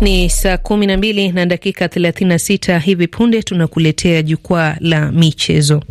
Ni saa kumi na mbili na dakika sita. Hivi punde tunakuletea jukwaa la michezo.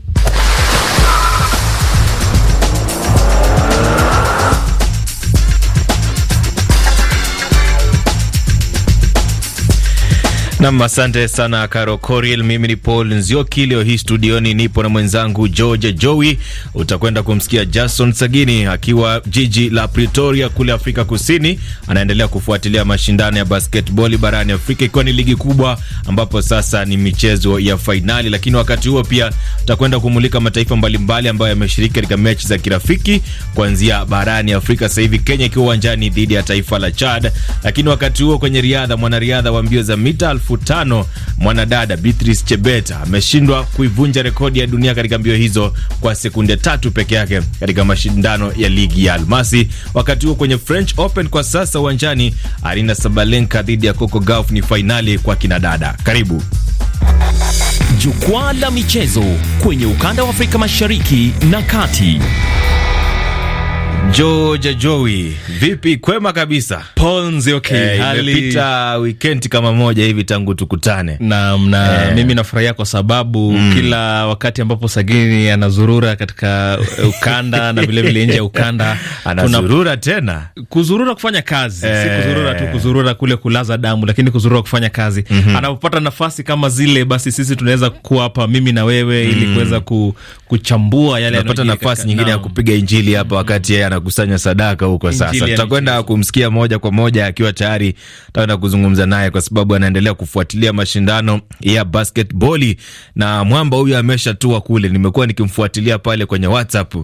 Nam, asante sana Karo Coriel. Mimi ni Paul Nzioki, leo hii studioni nipo na mwenzangu George Joey. Utakwenda kumsikia Jason Sagini akiwa jiji la Pretoria kule Afrika Kusini, anaendelea kufuatilia mashindano ya basketball barani Afrika, ikiwa ni ligi kubwa ambapo sasa ni michezo ya fainali. Lakini wakati huo pia utakwenda kumulika mataifa mbalimbali ambayo yameshiriki katika mechi za kirafiki kuanzia barani Afrika. Sasa hivi Kenya ikiwa uwanjani dhidi ya taifa la Chad, lakini wakati huo kwenye riadha, mwanariadha wa mbio za mita elfu tano mwanadada Beatrice Chebeta ameshindwa kuivunja rekodi ya dunia katika mbio hizo kwa sekunde tatu peke yake katika mashindano ya ligi ya almasi. Wakati huo kwenye French Open kwa sasa uwanjani, Arina Sabalenka dhidi ya Coco Gauff ni fainali kwa kinadada. Karibu jukwaa la michezo kwenye ukanda wa Afrika mashariki na kati. Joja Joey, vipi? Kwema kabisa. Ponzi okay. Hey, eh, imepita weekend kama moja hivi tangu tukutane. Naam na hey. Eh. Mimi nafurahia kwa sababu mm. kila wakati ambapo Sagini anazurura katika ukanda na vile vile nje ya ukanda anazurura kuna... tena kuzurura kufanya kazi hey. Si eh. kuzurura tu, kuzurura kule kulaza damu, lakini kuzurura kufanya kazi mm -hmm. Anapopata nafasi kama zile, basi sisi tunaweza kuwa hapa mimi na wewe mm. ili kuweza ku, kuchambua yale anapata nafasi nyingine ya kupiga injili hapa wakati yeye anakusanya sadaka huko. Sasa tutakwenda kumsikia moja kwa moja akiwa tayari, tutaenda kuzungumza naye kwa sababu anaendelea kufuatilia mashindano ya basketball, na mwamba huyu ameshatua kule. Nimekuwa nikimfuatilia pale kwenye WhatsApp,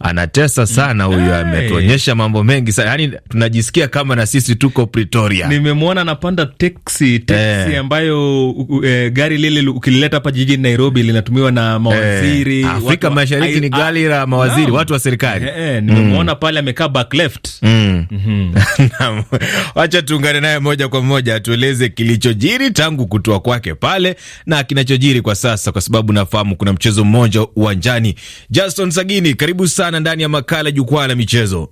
anatesa sana huyu, ametuonyesha mambo mengi sana, yani tunajisikia kama na sisi tuko Pretoria. Nimemwona anapanda taxi taxi eh, ambayo uh, uh, gari lile ukilileta hapa jijini Nairobi linatumiwa na mawaziri eh, Afrika watu, Mashariki ni gari la mawaziri, no, watu wa serikali eh, eh, nimemwona pale amekaa back left. Mm. Mm -hmm. Wacha tuungane naye moja kwa moja atueleze kilichojiri tangu kutua kwake pale na kinachojiri kwa sasa, kwa sababu nafahamu kuna mchezo mmoja uwanjani. Justin Sagini, karibu sana ndani ya makala Jukwaa la Michezo.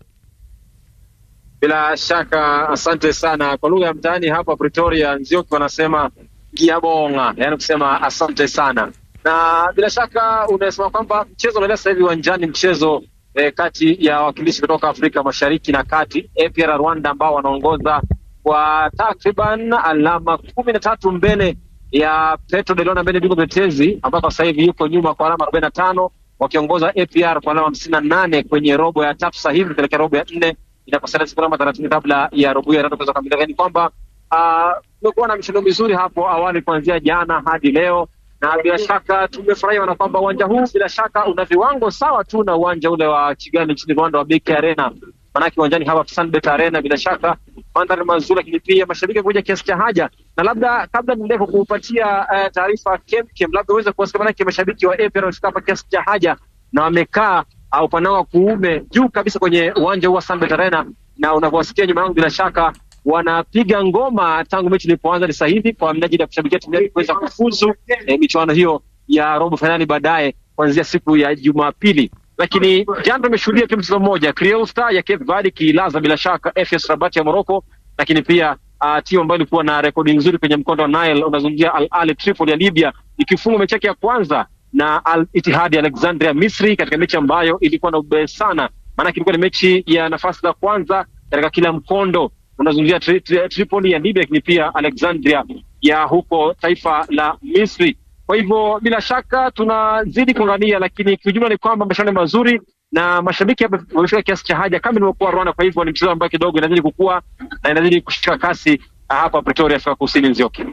Bila shaka asante sana. Kwa lugha ya mtaani hapa Pretoria, Nzioki wanasema giabonga, yani kusema asante sana. Na bila shaka unasema kwamba mchezo unaendelea sasa hivi uwanjani, mchezo eh, kati ya wawakilishi kutoka Afrika Mashariki na Kati, APR Rwanda ambao wanaongoza kwa takriban alama kumi na tatu mbele ya Petro de Leon ambaye bingwa mtetezi kwa sasa hivi yuko nyuma kwa alama arobaini na tano wakiongoza APR kwa alama hamsini na nane kwenye robo ya tatu. Sasa hivi kuelekea robo ya nne inakosalia siku alama thelathini kabla ya robo ya tatu kuweza kukamilika. Ni kwamba ah, kumekuwa uh, na mishono mizuri hapo awali kuanzia jana hadi leo na bila shaka tumefurahiwa na kwamba uwanja huu bila shaka una viwango sawa tu na uwanja ule wa Kigali nchini Rwanda wa BK Arena, maanake uwanjani hapa Sunbet Arena bila shaka mandhari mazuri, lakini pia mashabiki kuja kiasi cha haja. Na labda kabla niendelee kukupatia uh, taarifa Kemkem, labda uweze kuwasikia, maanake mashabiki wa APR wamefika hapa kiasi cha haja na wamekaa upande wa kuume juu kabisa kwenye uwanja huu wa Sunbet Arena, na unavyowasikia nyuma yangu bila shaka wanapiga ngoma tangu mechi ilipoanza ni sahihi kwa minajili ya kushabikia timu yake kuweza kufuzu eh, michuano hiyo ya robo fainali baadaye kuanzia siku ya Jumapili. Lakini jana tumeshuhudia pia mchezo mmoja Creole Star ya Cape Verde kiilaza bila shaka FS Rabat ya Morocco, lakini pia uh, timu ambayo ilikuwa na rekodi nzuri kwenye mkondo wa Nile unazungumzia Al Ahly Tripoli ya Libya ikifunga mechi yake ya kwanza na Al Ittihad ya Alexandria Misri katika mechi ambayo ilikuwa na ubaya sana, maanake ilikuwa ni mechi ya nafasi za kwanza katika kila mkondo unazungumzia tri, tri, Tripoli ya Libya, lakini pia Alexandria ya huko taifa la Misri. Kwa hivyo bila shaka tunazidi kung'ania, lakini kiujumla ni kwamba mashindano mazuri na mashabiki wamefika kiasi cha haja kama ilivyokuwa Rwanda. Kwa hivyo ni mchezo ambayo kidogo inazidi kukua na inazidi kushika kasi hapa Pretoria, Afrika Kusini. Nzioki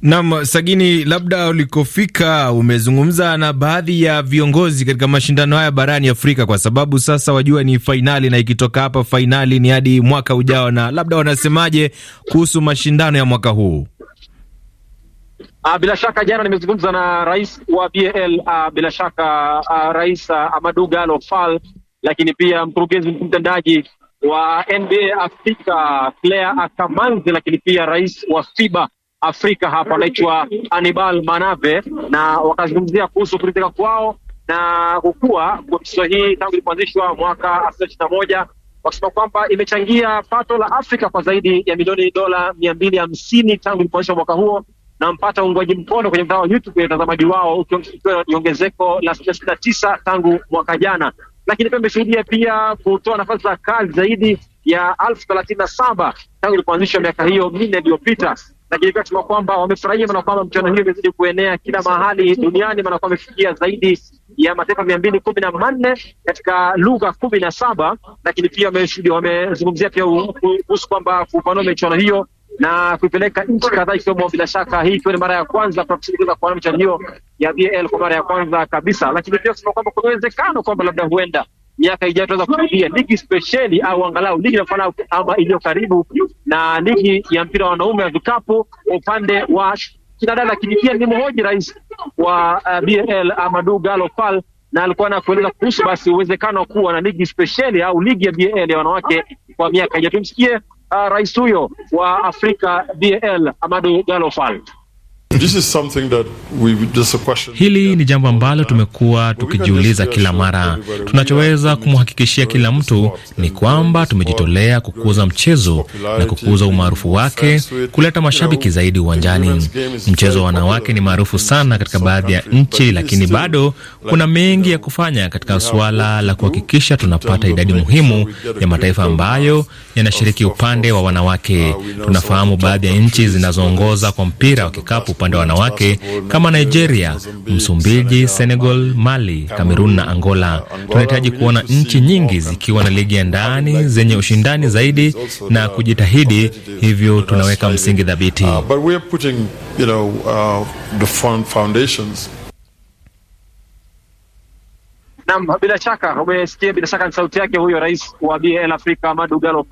nam Sagini, labda ulikofika umezungumza na baadhi ya viongozi katika mashindano haya barani Afrika, kwa sababu sasa wajua ni fainali, na ikitoka hapa fainali ni hadi mwaka ujao, na labda wanasemaje kuhusu mashindano ya mwaka huu? Uh, bila shaka jana nimezungumza na rais wa BAL uh, ah, bila shaka uh, rais uh, Amadou Gallo Fall, lakini pia mkurugenzi mtendaji wa NBA Afrika Claire Akamanzi, lakini pia rais wa FIBA Afrika hapa anaitwa Anibal Manave, na wakazungumzia kuhusu kuridhika kwao na kukua kwa michezo hii tangu ilipoanzishwa mwaka elfu na moja wakisema kwamba imechangia pato la Afrika kwa zaidi ya milioni dola mia mbili hamsini tangu ilipoanzishwa mwaka huo, na mpata uungwaji mkono kwenye mtandao wa YouTube ya utazamaji wao ukiwa ni ongezeko la sitini na tisa tangu mwaka jana lakini pia imesaidia pia kutoa nafasi za kazi zaidi ya elfu thelathini na saba tangu ilipoanzishwa miaka hiyo minne iliyopita lakini pia tuma kwamba wamefurahia, maana kwamba mchano hiyo imezidi kuenea kila mahali duniani, maana kwamba imefikia zaidi ya mataifa mia mbili kumi na manne katika lugha kumi na saba. Lakini pia wamezungumzia pia kuhusu kwamba kupanua michuano hiyo na kuipeleka nchi kadhaa ikiwemo bila shaka hii ikiwa ni mara ya kwanza kwa kuona michanio ya BAL kwa mara ya kwanza kabisa, lakini pia kusema kwamba kuna uwezekano kwamba labda huenda miaka ijayo tunaweza kushuhudia ligi spesheli au angalau ligi ya mfano ama iliyo karibu na ligi ya mpira wa wanaume ya vikapu upande wa kinadada. Lakini pia ni mhoji rais wa uh, BAL Amadu Gallo Fall na alikuwa na kueleza kuhusu basi uwezekano wa kuwa na ligi spesheli au ligi ya BAL ya wanawake kwa miaka ijayo. Tumsikie uh, rais huyo wa Afrika DL Amadu Galofal. Hili ni jambo ambalo tumekuwa tukijiuliza kila mara. Tunachoweza kumhakikishia kila mtu ni kwamba tumejitolea kukuza mchezo na kukuza umaarufu wake, kuleta mashabiki zaidi uwanjani. Mchezo wa wanawake ni maarufu sana katika baadhi ya nchi, lakini bado kuna mengi ya kufanya katika suala la kuhakikisha tunapata idadi muhimu ya mataifa ambayo yanashiriki upande wa wanawake. Uh, Tunafahamu baadhi ya nchi zinazoongoza kwa mpira wa kikapu upande wa wanawake kama Nigeria, Msumbiji, Senegal, Mali, Kamerun na Angola. Tunahitaji kuona nchi nyingi zikiwa na ligi ya ndani zenye ushindani zaidi na kujitahidi, hivyo tunaweka msingi thabiti. Uh, Nam, uh, bila shaka umesikia, bila shaka ni sauti yake huyo rais wa BL Afrika Amadu Galo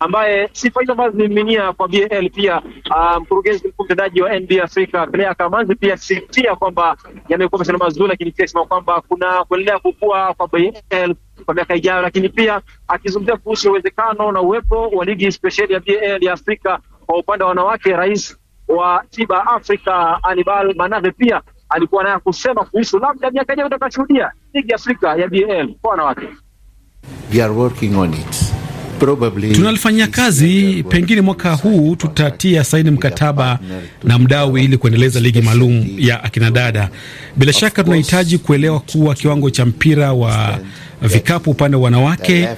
ambaye sifa hizo ambazo zimeminia kwa BAL pia ah, mkurugenzi mkuu mtendaji wa NBA Afrika Claire Kamanzi pia sitia kwamba yamekuwa mashindano mazuri, lakini pia sema kwamba kuna kuendelea kukua kwa BAL kwa miaka ijayo, lakini pia akizungumzia kuhusu uwezekano na uwepo wa ligi special ya BAL ya Afrika kwa upande wa wanawake, rais wa Tiba Afrika Anibal Manave pia alikuwa naye kusema kuhusu labda miaka ijayo utakashuhudia ligi Afrika ya BAL kwa wanawake. We are working on it tunalifanyia kazi. Pengine mwaka huu tutatia saini mkataba na mdau ili kuendeleza ligi maalum ya akinadada. Bila shaka tunahitaji kuelewa kuwa kiwango cha mpira wa vikapu upande wa wanawake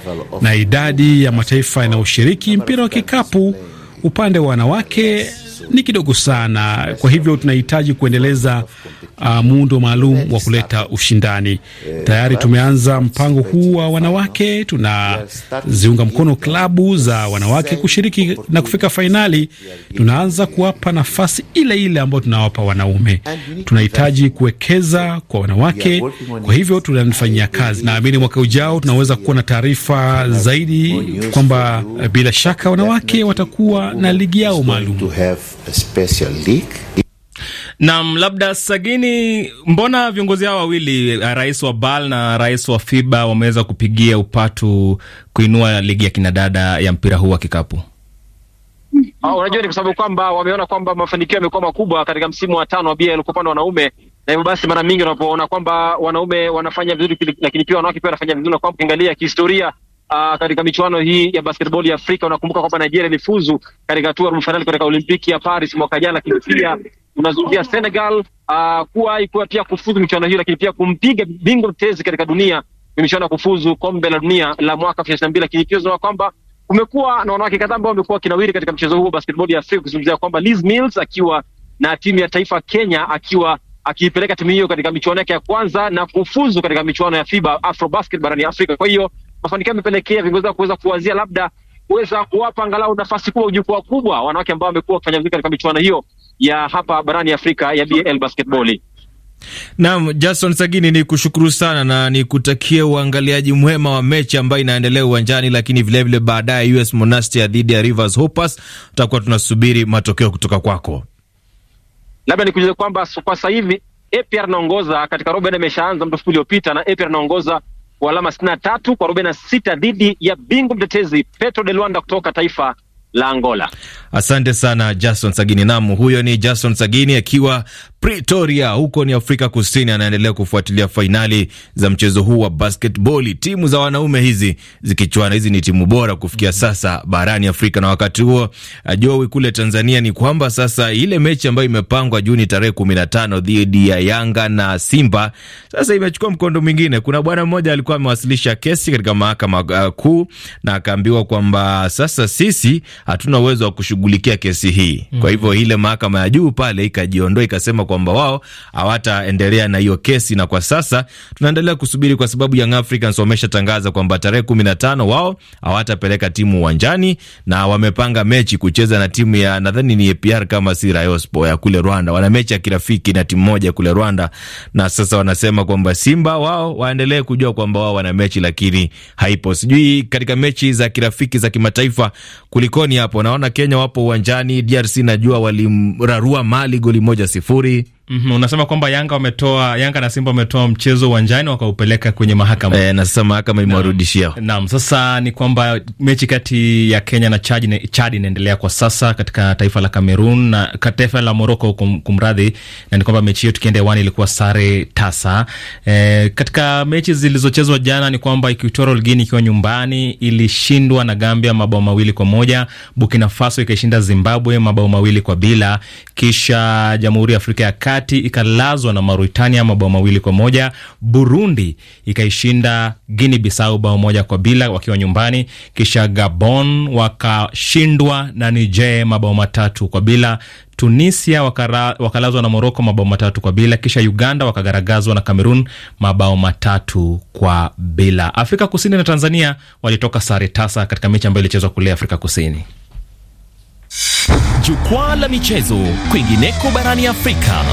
na idadi ya mataifa yanayoshiriki mpira wa kikapu upande wa wanawake ni kidogo sana. Kwa hivyo tunahitaji kuendeleza uh, muundo maalum wa kuleta ushindani. Tayari tumeanza mpango huu wa wanawake, tunaziunga mkono klabu za wanawake kushiriki na kufika fainali. Tunaanza kuwapa nafasi ile ile ambayo tunawapa wanaume. Tunahitaji kuwekeza kwa wanawake, kwa hivyo tunafanyia kazi. Naamini mwaka ujao tunaweza kuwa na taarifa zaidi kwamba eh, bila shaka wanawake watakuwa na ligi yao maalum special league Naam, labda Sagini, mbona viongozi hao wawili eh, rais wa BAL na rais wa FIBA wameweza kupigia upatu kuinua ligi ya kinadada ya mpira huu wa kikapu? Ah, unajua, ni kwa sababu kwamba wameona kwamba mafanikio yamekuwa makubwa katika msimu wa tano wa kwa upande wa wanaume, na hivyo basi mara mingi unapoona kwamba wanaume wanafanya vizuri, lakini pia wanawake pia wanafanya vizuri, na kwamba ukiangalia kihistoria uh, katika michuano hii ya basketball ya Afrika. Unakumbuka kwamba Nigeria ilifuzu katika hatua robo finali katika Olimpiki ya Paris mwaka jana, lakini pia unazungumzia Senegal uh, ah, kuwa ikuwa pia kufuzu michuano hiyo, lakini pia kumpiga bingwa mtetezi katika dunia michuano ya kufuzu kombe la dunia la mwaka 2022 lakini pia zinaona kwamba kumekuwa na wanawake kadhaa ambao wamekuwa kinawiri katika mchezo huu wa basketball ya Afrika, kuzungumzia kwamba Liz Mills akiwa na timu ya taifa Kenya akiwa akiipeleka timu hiyo katika michuano yake ya kwanza na kufuzu katika michuano ya FIBA Afrobasket barani Afrika. Kwa hiyo mafanikio yamepelekea viongozi wao kuweza kuwazia labda kuweza kuwapa angalau nafasi kubwa, jukwaa kubwa wanawake ambao wamekuwa wakifanya vizuri katika michuano hiyo ya hapa barani Afrika ya BAL basketball. Naam, Jason Sagini, ni kushukuru sana na nikutakie uangaliaji mwema wa mechi ambayo inaendelea uwanjani, lakini vilevile baadaye US Monastir dhidi ya Rivers Hoopers, tutakuwa tunasubiri matokeo kutoka kwako. Labda nikujuze kwamba kwa sasa hivi APR naongoza katika robo imeshaanza muda mfupi uliopita, na APR naongoza kwa alama sitini na tatu kwa arobaini na sita dhidi ya bingwa mtetezi Petro de Luanda kutoka taifa la Angola. Asante sana Jason Sagini. Nam, huyo ni Jason Sagini akiwa Pretoria huko ni Afrika Kusini, anaendelea kufuatilia fainali za mchezo huu wa basketball, timu za wanaume hizi zikichuana. Hizi ni timu bora kufikia sasa barani Afrika, na wakati huo ajoi uh, kule Tanzania ni kwamba sasa ile mechi ambayo imepangwa Juni tarehe kumi na tano dhidi ya Yanga na Simba sasa imechukua mkondo mwingine. Kuna bwana mmoja alikuwa amewasilisha kesi katika mahakama uh, kuu na akaambiwa kwamba sasa sisi hatuna uwezo wa kushu kushughulikia kesi hii mm. Kwa hivyo ile mahakama ya juu pale ikajiondoa ikasema kwamba wao hawataendelea na hiyo kesi, na kwa sasa tunaendelea kusubiri, kwa sababu Young Africans wameshatangaza kwamba tarehe kumi na tano wao hawatapeleka timu uwanjani na wamepanga mechi kucheza na timu ya nadhani ni APR kama si Rayospo ya kule Rwanda. Wana mechi ya kirafiki na timu moja kule Rwanda, na sasa wanasema kwamba Simba wao waendelee kujua kwamba wao wana mechi, lakini haipo sijui katika mechi za kirafiki za kimataifa kulikoni hapo. Naona Kenya wapo uwanjani. DRC najua walimrarua Mali goli moja sifuri. Mm -hmm. Unasema kwamba Yanga wametoa Yanga na Simba wametoa mchezo uwanjani wakaupeleka kwenye mahakama e, na sasa mahakama imewarudishia naam. Sasa ni kwamba mechi kati ya Kenya na Chad Chad inaendelea kwa sasa katika taifa la Cameroon na taifa la Morocco kum, kumradhi, na ni kwamba mechi hiyo tukienda hewani ilikuwa sare tasa. E, katika mechi zilizochezwa jana ni kwamba Equatorial Guinea ikiwa nyumbani ilishindwa na Gambia mabao mawili kwa moja. Burkina Faso ikaishinda Zimbabwe mabao mawili kwa bila, kisha Jamhuri ya Afrika ya Kati kati ikalazwa na Mauritania mabao mawili kwa moja. Burundi ikaishinda Guinea Bissau bao moja kwa bila wakiwa nyumbani, kisha Gabon wakashindwa na Niger mabao matatu kwa bila. Tunisia wakara, wakalazwa na Moroko mabao matatu kwa bila, kisha Uganda wakagaragazwa na Cameroon mabao matatu kwa bila. Afrika Kusini na Tanzania walitoka sare tasa katika mechi ambayo ilichezwa kule Afrika Kusini. Jukwaa la michezo kwingineko barani Afrika.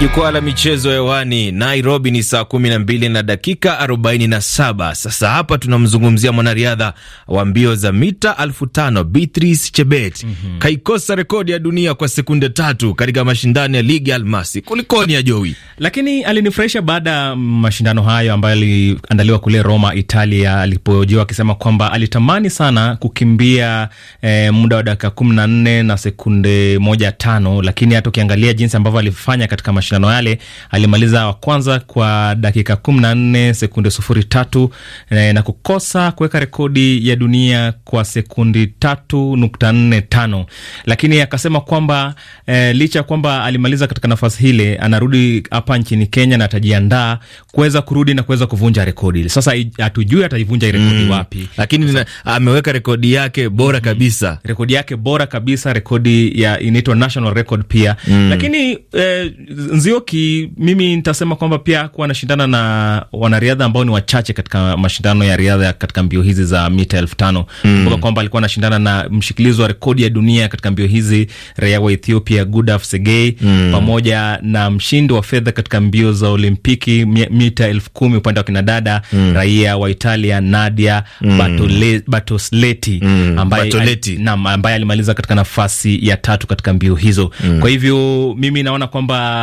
Jukwaa la michezo hewani Nairobi ni saa kumi na mbili na dakika arobaini na saba. Sasa hapa tunamzungumzia mwanariadha wa mbio za mita elfu tano Beatrice Chebet. mm -hmm. Kaikosa rekodi ya dunia kwa sekunde tatu katika mashindano ya ligi almasi. Kulikoni ya Jowi? Lakini alinifurahisha baada ya mashindano hayo ambayo aliandaliwa kule Roma, Italia, alipojiwa akisema kwamba alitamani sana kukimbia eh, muda wa dakika kumi na nne na sekunde moja tano, lakini hata ukiangalia jinsi ambavyo alifanya katika mashindano yale alimaliza wa kwanza kwa dakika 14 sekunde sufuri tatu eh, na kukosa kuweka rekodi ya dunia kwa sekundi tatu nukta nne tano lakini akasema kwamba e, licha ya kwamba alimaliza katika nafasi hile, anarudi hapa nchini Kenya na atajiandaa kuweza kurudi na kuweza kuvunja rekodi. Sasa hatujui ataivunja rekodi mm, wapi, lakini na, ameweka rekodi yake bora mm, kabisa rekodi yake bora kabisa, rekodi ya inaitwa national record pia mm, lakini eh, Nzioki, mimi nitasema kwamba pia kuwa anashindana na wanariadha ambao ni wachache katika mashindano ya riadha katika mbio hizi za mita elfu tano hmm. kumbuka kwamba alikuwa anashindana na mshikilizi wa rekodi ya dunia katika mbio hizi raia wa Ethiopia Gudaf Segei mm. pamoja na mshindi wa fedha katika mbio za Olimpiki mita elfu kumi upande wa kinadada mm. raia wa Italia Nadia mm. Batole, Batosleti mm. ambaye, Batoleti. Nam, ambaye alimaliza katika nafasi ya tatu katika mbio hizo mm. kwa hivyo mimi naona kwamba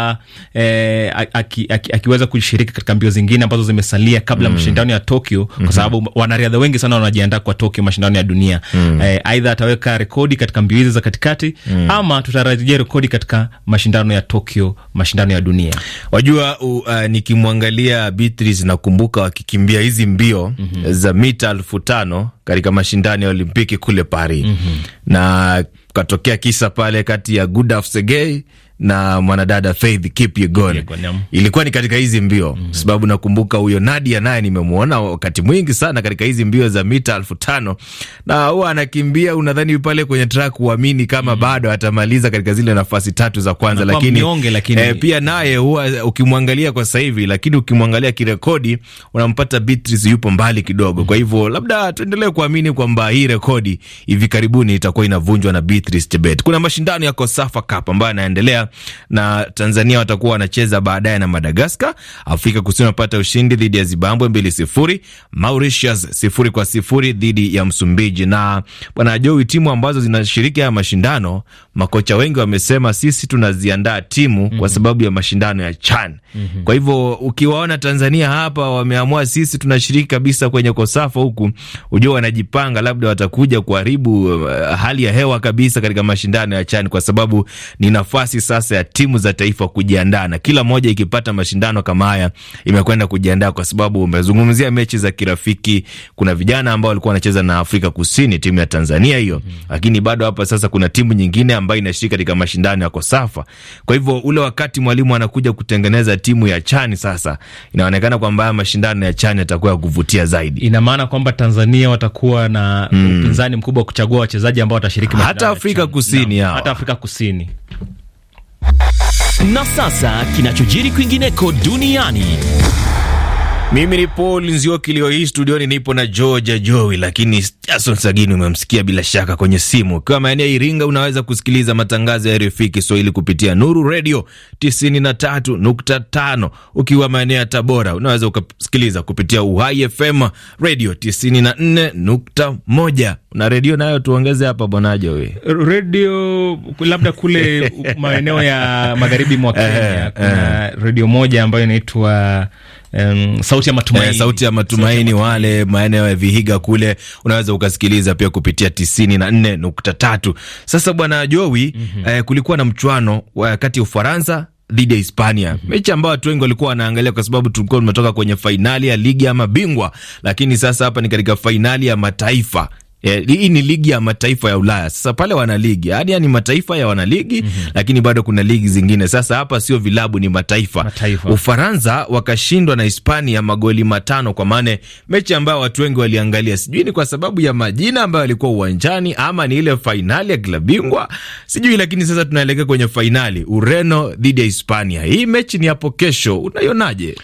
eh, aki, aki, akiweza kushiriki katika mbio zingine ambazo zimesalia kabla mm. mashindano ya Tokyo mm -hmm. kwa mm-hmm. sababu wanariadha wengi sana wanajiandaa kwa Tokyo, mashindano ya dunia mm. eh, aidha ataweka rekodi katika mbio hizi za katikati mm. ama tutarajia rekodi katika mashindano ya Tokyo, mashindano ya dunia. Wajua uh, nikimwangalia Beatrice nakumbuka wakikimbia hizi mbio mm -hmm. za mita elfu tano katika mashindano ya Olimpiki kule Paris mm -hmm. na katokea kisa pale kati ya Gudaf Segei na mwanadada Faith Kipyegon. Ilikuwa ni katika hizi mbio mm -hmm. Sababu nakumbuka huyo Nadia naye nimemwona wakati mwingi sana katika hizi mbio za mita elfu tano na huwa anakimbia, unadhani pale kwenye track uamini kama mm -hmm. bado atamaliza katika zile nafasi tatu za kwanza, lakini, mionge, lakini... Eh, pia naye huwa ukimwangalia kwa sasa hivi, lakini ukimwangalia kirekodi unampata Beatrice yupo mbali kidogo. mm -hmm. Kwa hivyo labda tuendelee kuamini kwamba hii rekodi hivi karibuni itakuwa inavunjwa na Beatrice Chebet. Kuna mashindano ya Kosafa Cup ambayo yanaendelea na Tanzania watakuwa wanacheza baadaye na Madagaskar. Afrika Kusini wanapata ushindi dhidi ya Zimbabwe mbili sifuri, Mauritius sifuri kwa sifuri dhidi ya Msumbiji. Na bwana Jowi, timu ambazo zinashiriki haya mashindano makocha wengi wamesema sisi tunaziandaa timu mm -hmm. kwa mhm. sababu ya mashindano ya CHAN mm -hmm. kwa hivyo ukiwaona Tanzania hapa wameamua sisi tunashiriki kabisa kwenye Kosafa huku, ujua wanajipanga, labda watakuja kuharibu uh, hali ya hewa kabisa katika mashindano ya CHAN kwa sababu ni nafasi sasa ya timu za taifa kujiandaa, na kila moja ikipata mashindano kama haya imekwenda kujiandaa, kwa sababu umezungumzia mechi za kirafiki. Kuna vijana ambao walikuwa wanacheza na Afrika Kusini, timu ya Tanzania hiyo mm -hmm. lakini bado hapa sasa kuna timu nyingine ambayo inashiriki katika mashindano ya Kosafa. Kwa hivyo ule wakati mwalimu anakuja kutengeneza timu ya chani, sasa inaonekana kwamba haya mashindano ya chani yatakuwa ya kuvutia zaidi. Ina maana kwamba Tanzania watakuwa na mm, upinzani mkubwa wa kuchagua wachezaji ambao watashiriki hata Afrika Kusini na, hata Afrika Kusini. Na sasa kinachojiri kwingineko duniani mimi ni Paul Nzioki, leo hii studioni nipo na Georgia Jowi, lakini Jason Sagini umemsikia bila shaka kwenye simu. Ukiwa maeneo ya Iringa unaweza kusikiliza matangazo ya RFI Kiswahili kupitia Nuru Redio 93.5. Ukiwa maeneo ya Tabora unaweza ukasikiliza kupitia Uhai FM Redio 94.1. Na redio nayo tuongeze hapa bwana Jowi, redio labda kule maeneo ya magharibi mwa Kenya kuna redio moja ambayo inaitwa um, sauti ya matumaini, eh, sauti ya matumaini, wale maeneo ya Vihiga kule unaweza ukasikiliza pia kupitia tisini na nne nukta tatu. Sasa bwana Jowi, mm -hmm. eh, kulikuwa na mchuano kati ya Ufaransa dhidi ya Hispania, mhm. mechi ambayo watu wengi walikuwa wanaangalia kwa sababu tulikuwa tumetoka kwenye fainali ya ligi ya mabingwa, lakini sasa hapa ni katika fainali ya mataifa. Eh, hii ni ligi ya mataifa ya Ulaya. Sasa pale wana ligi hadi ni mataifa ya wana ligi mm -hmm. Lakini bado kuna ligi zingine. Sasa hapa sio vilabu, ni mataifa, mataifa. Ufaransa wakashindwa na Hispania magoli matano kwa mane, mechi ambayo watu wengi waliangalia, sijui ni kwa sababu ya majina ambayo alikuwa uwanjani ama ni ile fainali ya klabu bingwa sijui, lakini sasa tunaelekea kwenye fainali Ureno dhidi ya Hispania. Hii mechi ni hapo kesho, unaionaje?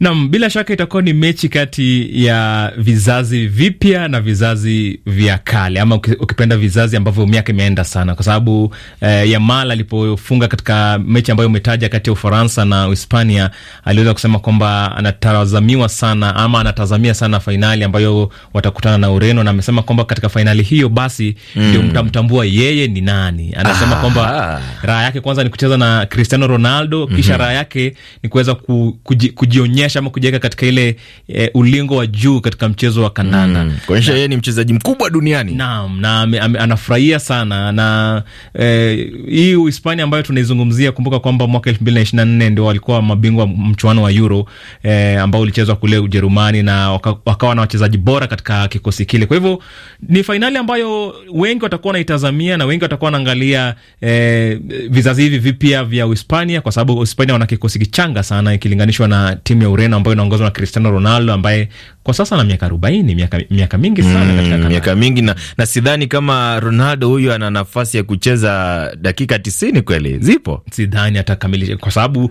Nam, bila shaka itakuwa ni mechi kati ya vizazi vipya na vizazi vya kale, ama ukipenda vizazi ambavyo miaka imeenda sana, kwa sababu eh, Yamal alipofunga katika mechi ambayo umetaja kati ya Ufaransa na Uhispania aliweza kusema kwamba anatazamiwa sana ama anatazamia sana fainali ambayo watakutana na Ureno, na amesema kwamba katika fainali hiyo basi mm, ndio mtamtambua yeye ni nani. Anasema kwamba raha yake kwanza ni kucheza na Cristiano Ronaldo, kisha mm -hmm. raha yake ni kuweza kuji, kujionya kuonyesha ama kujiweka katika ile e, ulingo wa juu katika mchezo wa kandanda mm, kuonyesha yeye ni mchezaji mkubwa duniani. Naam, na na anafurahia sana na e, hii Uhispania ambayo tunaizungumzia, kumbuka kwamba mwaka elfu mbili na na nne ndio walikuwa mabingwa mchuano wa Euro e, ambao ulichezwa kule Ujerumani na wakawa waka na wachezaji bora katika kikosi kile. Kwa hivyo ni fainali ambayo wengi watakuwa wanaitazamia na wengi watakuwa wanaangalia e, vizazi hivi vipya vya Uhispania kwa sababu Uhispania wana kikosi kichanga sana ikilinganishwa na timu ya Ureno ambayo inaongozwa na Cristiano Ronaldo ambaye kwa sasa na miaka arobaini, miaka, miaka mingi sana mm, katika miaka mingi na, na sidhani kama Ronaldo huyu ana nafasi ya kucheza dakika tisini kweli zipo, sidhani atakamilisha kwa sababu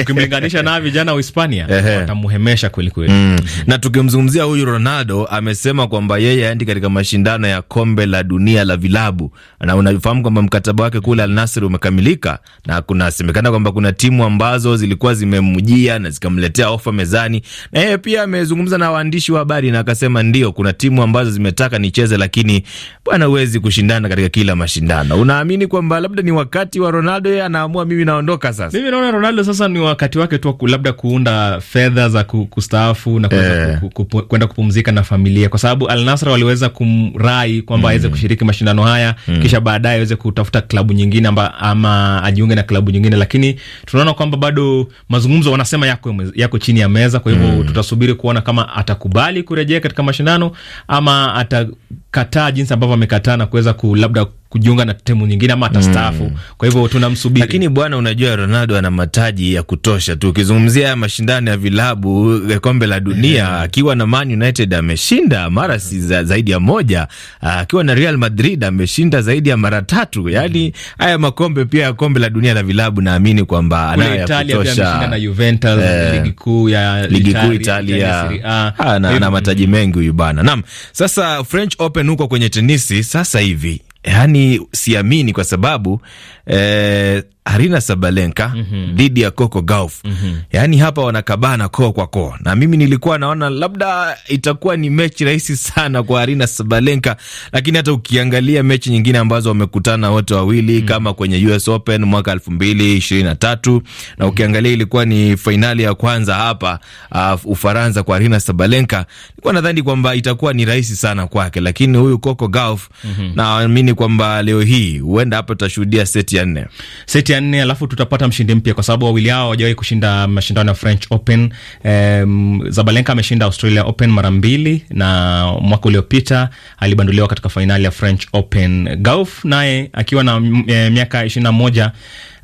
ukimlinganisha na vijana wa Hispania watamuhemesha kweli kweli. Mm. Na tukimzungumzia huyu Ronaldo amesema kwamba yeye aendi katika mashindano ya kombe la dunia la vilabu, na unafahamu kwamba mkataba wake kule Alnasri umekamilika, na kunasemekana kwamba kuna timu ambazo zilikuwa zimemjia na zikamletea ofa mezani, na yeye pia amezungumza na waandishi wa habari na akasema, ndio kuna timu ambazo zimetaka nicheze, lakini bwana, huwezi kushindana katika kila mashindano. Unaamini kwamba labda ni wakati wa Ronaldo, yeye anaamua mimi naondoka sasa? Mimi naona Ronaldo sasa ni wakati wake tu labda kuunda fedha za kustaafu na eh. kwenda eh, kupu, kupumzika na familia, kwa sababu Al Nassr waliweza kumrai kwamba aweze mm, kushiriki mashindano haya mm, kisha baadaye aweze kutafuta klabu nyingine amba, ama ajiunge na klabu nyingine, lakini tunaona kwamba bado mazungumzo wanasema yako, yako chini ya meza, kwa hivyo mm, tutasubiri kuona kama atakubali kurejea katika mashindano ama ata kataa jinsi ambavyo amekataa na kuweza ku labda kujiunga na timu nyingine ama atastaafu. Mm. Kwa hivyo tunamsubiri. Lakini bwana, unajua Ronaldo ana mataji ya kutosha tu. Ukizungumzia haya mashindano ya vilabu ya kombe la dunia mm. akiwa na Man United ameshinda mara si za, zaidi ya moja, ah, akiwa na Real Madrid ameshinda zaidi ya mara tatu. Yaani haya makombe pia ya kombe la dunia la vilabu naamini kwamba anayo ya kutosha. na Juventus eh. ligi kuu ya ligi kuu Italia. Italia. Ah, mataji mengi huyu bwana. Naam. Sasa French Open kupenuka kwenye tenisi sasa hivi, yaani siamini, kwa sababu eh, Arina Sabalenka mhm. dhidi mm -hmm. ya Coco Gauff mm -hmm. Yaani hapa wanakabana koo kwa koo, na mimi nilikuwa naona labda itakuwa ni mechi rahisi sana kwa Arina Sabalenka, lakini hata ukiangalia mechi nyingine ambazo wamekutana wote wawili mm -hmm. kama kwenye US Open mwaka elfu mbili ishirini na tatu na mhm. ukiangalia ilikuwa ni fainali ya kwanza hapa uh, Ufaransa kwa Arina Sabalenka, nilikuwa nadhani kwamba itakuwa ni rahisi sana kwake, lakini huyu Coco Gauff mm -hmm. naamini kwamba leo hii huenda hapa tutashuhudia seti seti ya nne, seti ya nne, alafu tutapata mshindi mpya kwa sababu wawili hao hawajawahi kushinda mashindano ya French Open. Um, Zabalenka ameshinda Australia Open mara mbili na mwaka uliopita alibanduliwa katika fainali ya French Open. Gauff naye akiwa na e, miaka ishirini na moja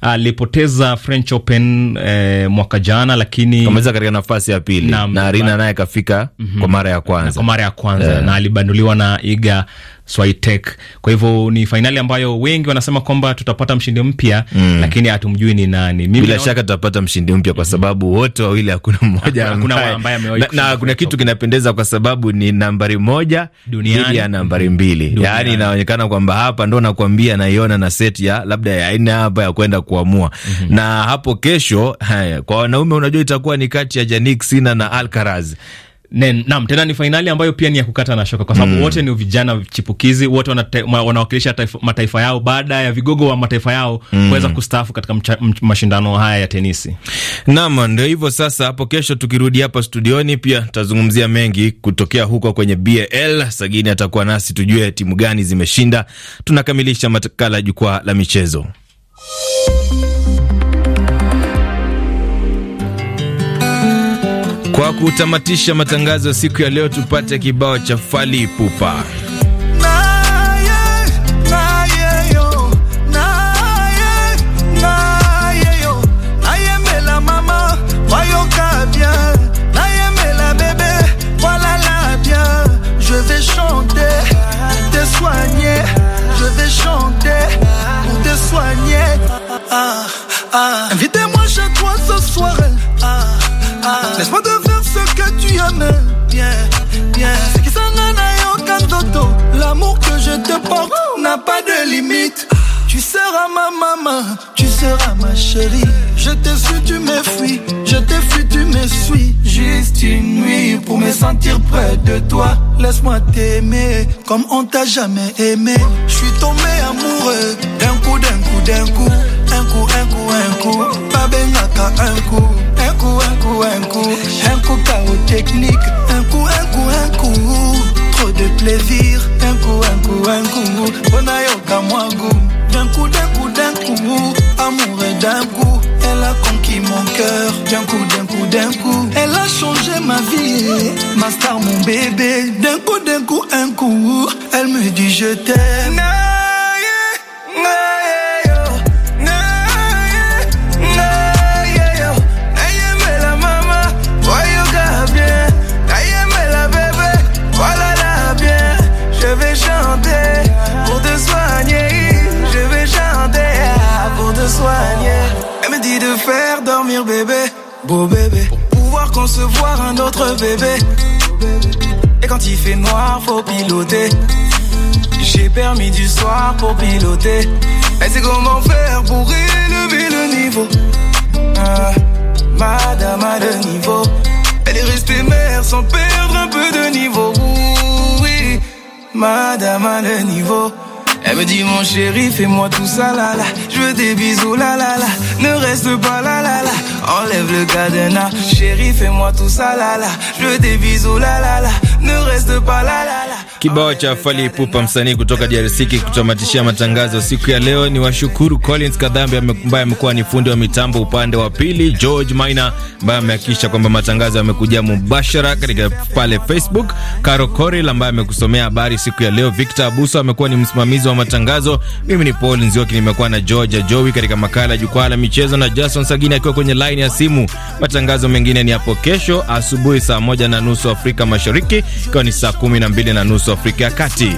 alipoteza French Open eh, mwaka jana, lakini kamaweza katika nafasi ya pili na, na Arina naye kafika mm -hmm. kwa mara ya kwanza na kwa mara ya kwanza yeah. na alibanduliwa na Iga Switek. Kwa hivyo ni fainali ambayo wengi wanasema kwamba tutapata mshindi mpya mm, lakini hatumjui ni nani. Mimi bila shaka tutapata mshindi mpya kwa sababu wote wawili hakuna mmoja hakuna ambaye amewahi na, na kuna kitu kinapendeza kwa sababu ni nambari moja dhidi ya nambari mbili, duniani. Yaani inaonekana kwamba hapa ndo nakwambia naiona na set ya labda ya aina hapa ya kwenda kuamua mm -hmm. na hapo kesho haya, kwa wanaume unajua itakuwa ni kati ya Jannik Sinner na Alcaraz Naam, tena ni fainali ambayo pia ni ya kukata na shoka kwa sababu mm, wote ni vijana chipukizi, wote wanawakilisha mataifa yao baada ya vigogo wa mataifa yao mm, kuweza kustaafu katika mcha, mashindano haya ya tenisi. Naam, ndio hivyo sasa. Hapo kesho tukirudi hapa studioni, pia tutazungumzia mengi kutokea huko kwenye BAL. Sagini atakuwa nasi tujue timu gani zimeshinda. Tunakamilisha makala ya jukwaa la michezo. Kwa kutamatisha matangazo siku ya leo, tupate kibao cha Fali Pupa. Tu seras ma maman, tu seras ma chérie. Je te suis, tu me fuis. Je te fui, tu me suis. Juste une nuit pour me sentir près de toi. Laisse-moi t'aimer comme on t'a jamais aimé. Je suis tombé amoureux d'un coup, d'un coup, d'un coup. Un coup, un coup, un coup. Pas un coup. Un coup, un coup, un coup. Un coup, chaos technique. Un coup, un coup, un coup de plaisir d'un coup un coup un coup Bon d'un coup d'un coup d'un coup amour d'un coup elle a conquis mon cœur d'un coup d'un coup d'un coup elle a changé ma vie ma star mon bébé d'un coup d'un coup un coup elle me dit je t'aime beau bébé, pouvoir concevoir un autre bébé. Et quand il fait noir, faut piloter. J'ai permis du soir pour piloter. Elle c'est comment faire pour élever le niveau. Ah, madame a le niveau. Elle est restée mère sans perdre un peu de niveau. oui, madame à le niveau. Elle me dit mon chéri, fais-moi tout ça la là. Je veux des bisous la la Ne reste pas la la la. Enlève le cadenas, chéri, fais-moi tout ça la là. Je veux des bisous la là Ne reste pas la la la. Kibao cha fali pupa msanii kutoka DRC, kikutamatishia matangazo siku ya leo. Ni washukuru Collins Kadhambi ambaye amekuwa ni fundi wa mitambo upande wa pili, George Maina ambaye amehakikisha kwamba matangazo yamekuja mubashara katika pale Facebook, Caro Coril ambaye amekusomea habari siku ya leo, Victor Abuso amekuwa ni msimamizi wa matangazo. Mimi ni Paul Nzioki, nimekuwa na George Ajowi katika makala ya jukwaa la michezo na Jason Sagini akiwa kwenye laini ya simu. Matangazo mengine ni hapo kesho asubuhi saa moja na nusu Afrika Mashariki, ikiwa ni saa kumi na mbili na nusu Afrika ya Kati.